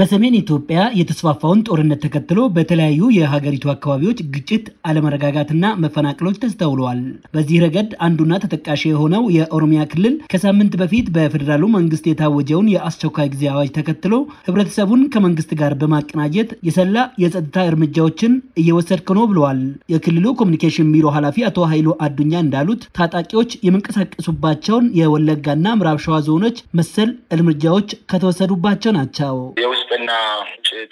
በሰሜን ኢትዮጵያ የተስፋፋውን ጦርነት ተከትሎ በተለያዩ የሀገሪቱ አካባቢዎች ግጭት፣ አለመረጋጋትና መፈናቀሎች ተስተውለዋል። በዚህ ረገድ አንዱና ተጠቃሽ የሆነው የኦሮሚያ ክልል ከሳምንት በፊት በፌዴራሉ መንግስት የታወጀውን የአስቸኳይ ጊዜ አዋጅ ተከትሎ ህብረተሰቡን ከመንግስት ጋር በማቀናጀት የሰላ የጸጥታ እርምጃዎችን እየወሰድክ ነው ብለዋል። የክልሉ ኮሚኒኬሽን ቢሮ ኃላፊ አቶ ኃይሉ አዱኛ እንዳሉት ታጣቂዎች የሚንቀሳቀሱባቸውን የወለጋና ምዕራብ ሸዋ ዞኖች መሰል እርምጃዎች ከተወሰዱባቸው ናቸው። Nah.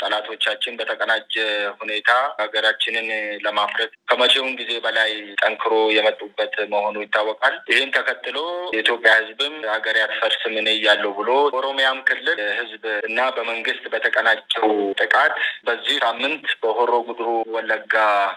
ጠላቶቻችን በተቀናጀ ሁኔታ ሀገራችንን ለማፍረት ከመቼውም ጊዜ በላይ ጠንክሮ የመጡበት መሆኑ ይታወቃል። ይህን ተከትሎ የኢትዮጵያ ሕዝብም ሀገር ያትፈርስም እኔ እያለሁ ብሎ ኦሮሚያም ክልል ሕዝብ እና በመንግስት በተቀናጀው ጥቃት በዚህ ሳምንት በሆሮ ጉድሩ ወለጋ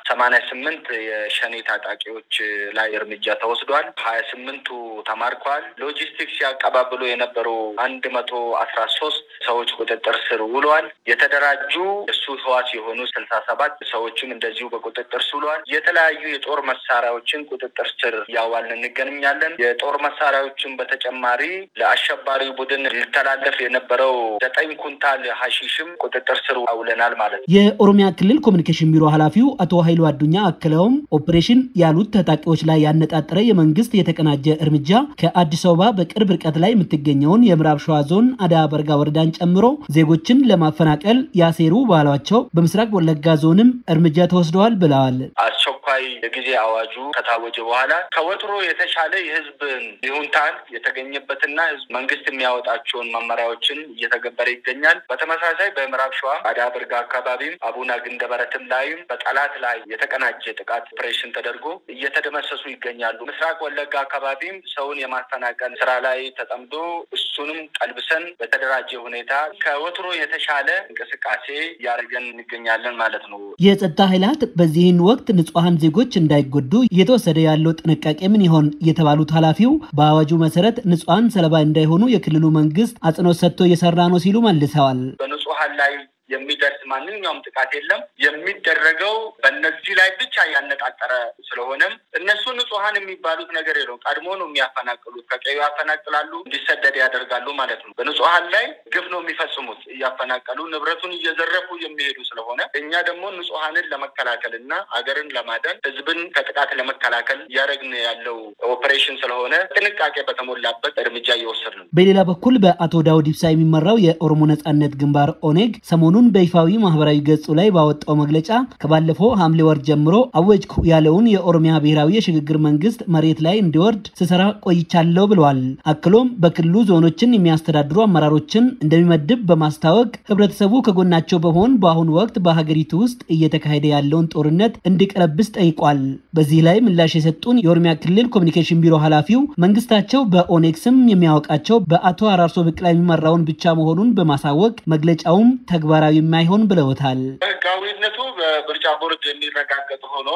ሰማንያ ስምንት የሸኔ ታጣቂዎች ላይ እርምጃ ተወስዷል። ሀያ ስምንቱ ተማርከዋል። ሎጂስቲክስ ሲያቀባብሉ የነበሩ አንድ መቶ አስራ ሶስት ሰዎች ቁጥጥር ስር ውለዋል። የተደ የተደራጁ እሱ ህዋስ የሆኑ ስልሳ ሰባት ሰዎችም እንደዚሁ በቁጥጥር ስሏል። የተለያዩ የጦር መሳሪያዎችን ቁጥጥር ስር ያዋል እንገናኛለን። የጦር መሳሪያዎችን በተጨማሪ ለአሸባሪ ቡድን ሊተላለፍ የነበረው ዘጠኝ ኩንታል ሀሺሽም ቁጥጥር ስር አውለናል ማለት ነው። የኦሮሚያ ክልል ኮሚኒኬሽን ቢሮ ኃላፊው አቶ ሀይሉ አዱኛ አክለውም ኦፕሬሽን ያሉት ታጣቂዎች ላይ ያነጣጠረ የመንግስት የተቀናጀ እርምጃ ከአዲስ አበባ በቅርብ ርቀት ላይ የምትገኘውን የምዕራብ ሸዋ ዞን አዳ በርጋ ወረዳን ጨምሮ ዜጎችን ለማፈናቀል ያሴሩ ባሏቸው በምስራቅ ወለጋ ዞንም እርምጃ ተወስደዋል ብለዋል። አስቸኳይ የጊዜ አዋጁ ከታወጀ በኋላ ከወትሮ የተሻለ የህዝብን ይሁንታን የተገኘበትና ህዝብ መንግስት የሚያወጣቸውን መመሪያዎችን እየተገበረ ይገኛል። በተመሳሳይ በምዕራብ ሸዋ አዳብርጋ አካባቢም አቡና ግንደበረትም ላይም በጠላት ላይ የተቀናጀ ጥቃት ኦፕሬሽን ተደርጎ እየተደመሰሱ ይገኛሉ። ምስራቅ ወለጋ አካባቢም ሰውን የማፈናቀል ስራ ላይ ተጠምዶ እሱንም ቀልብሰን በተደራጀ ሁኔታ ከወትሮ የተሻለ እንቅስቃሴ እያደረገን እንገኛለን ማለት ነው። የጸጥታ ኃይላት በዚህን ወቅት ንጹሐን ዜጎች እንዳይጎዱ እየተወሰደ ያለው ጥንቃቄ ምን ይሆን የተባሉት ኃላፊው በአዋጁ መሰረት ንጹሐን ሰለባ እንዳይሆኑ የክልሉ መንግስት አጽንኦት ሰጥቶ እየሰራ ነው ሲሉ መልሰዋል። በንጹሐን ላይ የሚደርስ ማንኛውም ጥቃት የለም። የሚደረገው በእነዚህ ላይ ብቻ ያነጣጠረ ስለሆነም እነሱ ንጹሀን የሚባሉት ነገር የለውም። ቀድሞ ነው የሚያፈናቅሉት። ከቀዩ ያፈናቅላሉ፣ እንዲሰደድ ያደርጋሉ ማለት ነው። በንጹሀን ላይ ግፍ ነው የሚፈጽሙት። እያፈናቀሉ ንብረቱን እየዘረፉ የሚሄዱ ስለሆነ እኛ ደግሞ ንጹሀንን ለመከላከል እና አገርን ለማደን ህዝብን ከጥቃት ለመከላከል እያደረግን ያለው ኦፕሬሽን ስለሆነ ጥንቃቄ በተሞላበት እርምጃ እየወሰድን ነው። በሌላ በኩል በአቶ ዳውድ ኢብሳ የሚመራው የኦሮሞ ነጻነት ግንባር ኦኔግ ሰሞኑ ሰሞኑን በይፋዊ ማህበራዊ ገጹ ላይ ባወጣው መግለጫ ከባለፈው ሐምሌ ወር ጀምሮ አወጅኩ ያለውን የኦሮሚያ ብሔራዊ የሽግግር መንግስት መሬት ላይ እንዲወርድ ስሰራ ቆይቻለሁ ብለዋል። አክሎም በክልሉ ዞኖችን የሚያስተዳድሩ አመራሮችን እንደሚመድብ በማስታወቅ ህብረተሰቡ ከጎናቸው በመሆን በአሁኑ ወቅት በሀገሪቱ ውስጥ እየተካሄደ ያለውን ጦርነት እንዲቀለብስ ጠይቋል። በዚህ ላይ ምላሽ የሰጡን የኦሮሚያ ክልል ኮሚኒኬሽን ቢሮ ኃላፊው መንግስታቸው በኦኔክስም የሚያወቃቸው በአቶ አራርሶ ብቅላ የሚመራውን ብቻ መሆኑን በማሳወቅ መግለጫውም ተግባራ ተግባራዊ የማይሆን ብለውታል። ህጋዊነቱ በምርጫ ቦርድ የሚረጋገጥ ሆኖ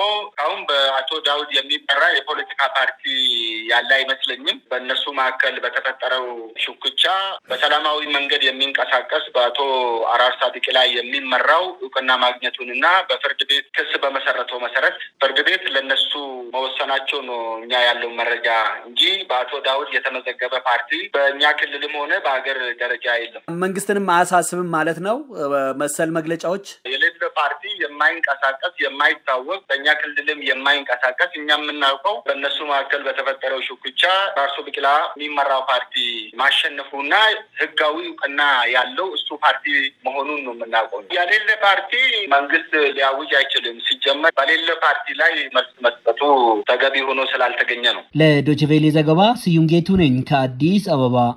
አሁን በአቶ ዳውድ የሚመራ የፖለቲካ ፓርቲ ያለ አይመስለኝም። በእነሱ መካከል በተፈጠረው ሽኩቻ በሰላማዊ መንገድ የሚንቀሳቀስ በአቶ አራርሳ ዲቂላ የሚመራው እውቅና ማግኘቱንና በፍርድ ቤት ክስ በመሰረተው መሰረት ፍርድ ቤት ለእነሱ መወሰናቸው ነው እኛ ያለው መረጃ እንጂ በአቶ ዳውድ የተመዘገበ ፓርቲ በእኛ ክልልም ሆነ በሀገር ደረጃ የለም። መንግስትንም አያሳስብም ማለት ነው መሰል መግለጫዎች እንደ ፓርቲ የማይንቀሳቀስ የማይታወቅ በእኛ ክልልም የማይንቀሳቀስ እኛ የምናውቀው በእነሱ መካከል በተፈጠረው ሽኩቻ ራሱ ብቅላ የሚመራው ፓርቲ ማሸነፉና ህጋዊ እውቅና ያለው እሱ ፓርቲ መሆኑን ነው የምናውቀው። የሌለ ፓርቲ መንግስት ሊያውጅ አይችልም። ሲጀመር በሌለ ፓርቲ ላይ መልስ መስጠቱ ተገቢ ሆኖ ስላልተገኘ ነው። ለዶችቬሌ ዘገባ ስዩም ጌቱ ነኝ ከአዲስ አበባ።